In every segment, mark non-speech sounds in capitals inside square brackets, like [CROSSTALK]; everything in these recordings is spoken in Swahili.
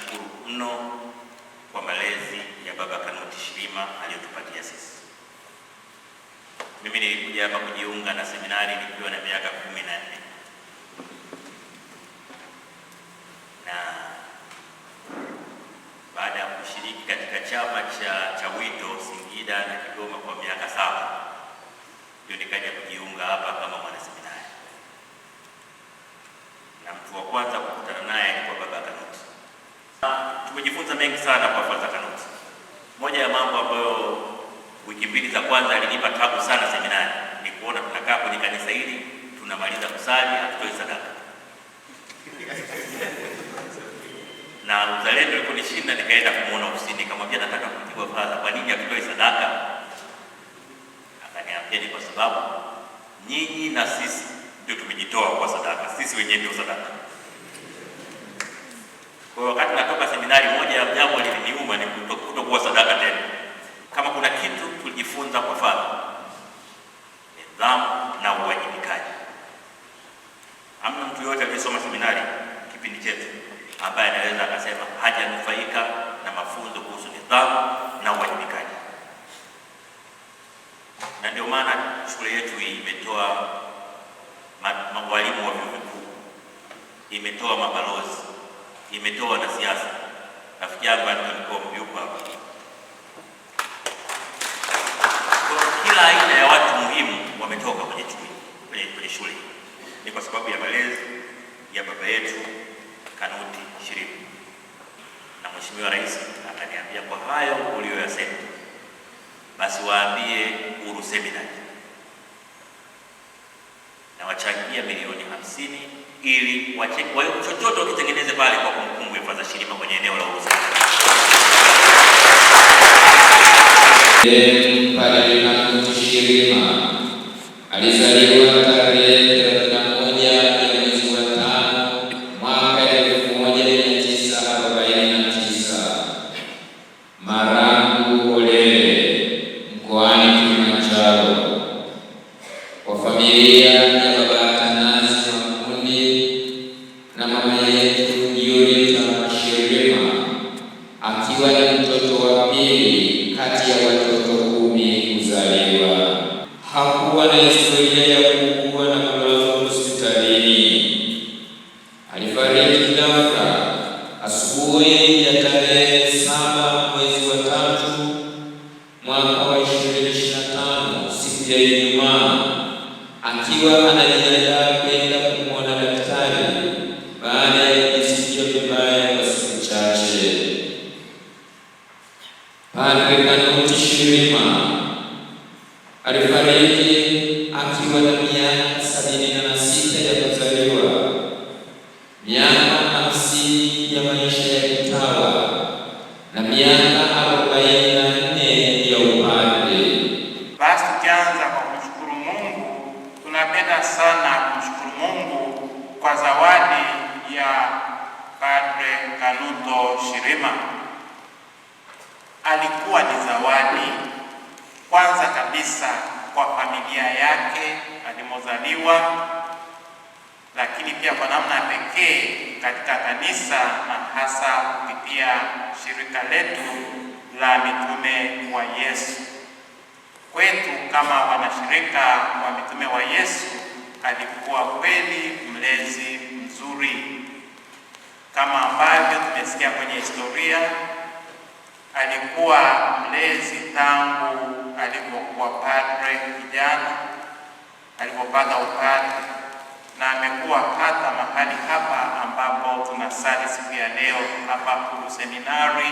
tunashukuru mno kwa malezi ya Baba Kanuti Shirima aliyotupatia sisi. Mimi nilikuja hapa kujiunga na seminari nikiwa na miaka kumi na nne. mengi sana kwa Father Kanuti. Moja ya mambo ambayo wiki mbili za kwanza alinipa tabu sana seminari ni kuona tunakaa kwenye kanisa hili tunamaliza kusali hatutoi sadaka [LAUGHS] na uzalendo ulikonishinda, nikaenda kumuona ofisini, nikamwambia nataka kupigwa fadha, kwa nini hatutoi sadaka? Akaniambia ni kwa sababu nyinyi na sisi ndio tumejitoa kwa sadaka, sisi wenyewe ndio sadaka kwa wakati natoka seminari, moja ya jambo liliniuma ni kutokuwa sadaka tena. Kama kuna kitu tulijifunza kwa Fadha, nidhamu na uwajibikaji. Hamna mtu yoyote aliyesoma seminari kipindi chetu ambaye anaweza akasema hajanufaika na mafunzo kuhusu nidhamu na uwajibikaji, na ndio maana shule yetu hii imetoa walimu wa vyuo vikuu, imetoa mabalozi imetoa na siasa. Rafiki yangu alikuwa Mjukuu hapa. Kila aina ya watu muhimu wametoka kwenye kwenye kwenye shule, ni kwa sababu ya malezi ya baba yetu Kanuti Shirima, na Mheshimiwa Rais akaniambia kwa hayo uliyoyasema, basi waambie Uru Seminari na wachangia milioni hamsini ili wache. Kwa hiyo chochote wakitengeneze pale kwa kumbukumbu ya Padre Shirima kwenye eneo la uza Padre Marcus ndiye mtoto wa pili kati ya watoto kumi kuzaliwa. Hakuwa na historia ya kuugua na kulazwa hospitalini. Alifariki ghafla asubuhi ya tarehe saba mwezi wa tatu mwaka wa 2025 siku ya Ijumaa akiwa anajiandaa kwenda kumwona daktari baada ya kujisikia vibaya kwa siku chache katika nchi Shirima. Alifariki akiwa na miaka sabini na sita ya Miaka hamsini ya maisha ya na miaka arobaini nne ya upande. Basi tukianza kwa kumshukuru Mungu, tunapenda sana kumshukuru Mungu kwa zawadi ya Padre Kanuto Shirima alikuwa ni zawadi kwanza kabisa kwa familia yake alimozaliwa, lakini pia kwa namna pekee katika kanisa na hasa kupitia shirika letu la mitume wa Yesu. Kwetu kama wanashirika wa mitume wa Yesu, alikuwa kweli mlezi mzuri, kama ambavyo tumesikia kwenye historia alikuwa mlezi tangu alipokuwa padre kijana, alipopata upadre, na amekuwa hata mahali hapa ambapo tunasali siku ya leo hapa Kuru Seminari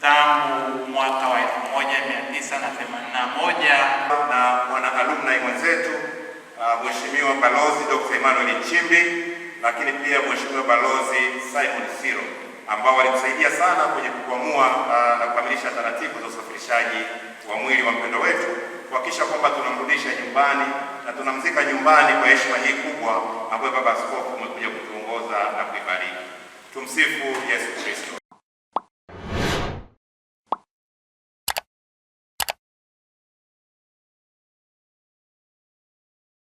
tangu mwaka wa 1981 na mwanahalumnai mwenzetu uh, Mheshimiwa Balozi Dr. Emmanuel Nchimbi, lakini pia Mheshimiwa Balozi Simon Siro ambao walimsaidia sana kwenye kukwamua ah, na kukamilisha taratibu za usafirishaji wa mwili wa mpendwa wetu kuhakikisha kwamba tunamrudisha nyumbani na tunamzika nyumbani kwa heshima hii kubwa ambayo Baba Askofu umekuja kutuongoza na kuibariki. Tumsifu Yesu Kristo.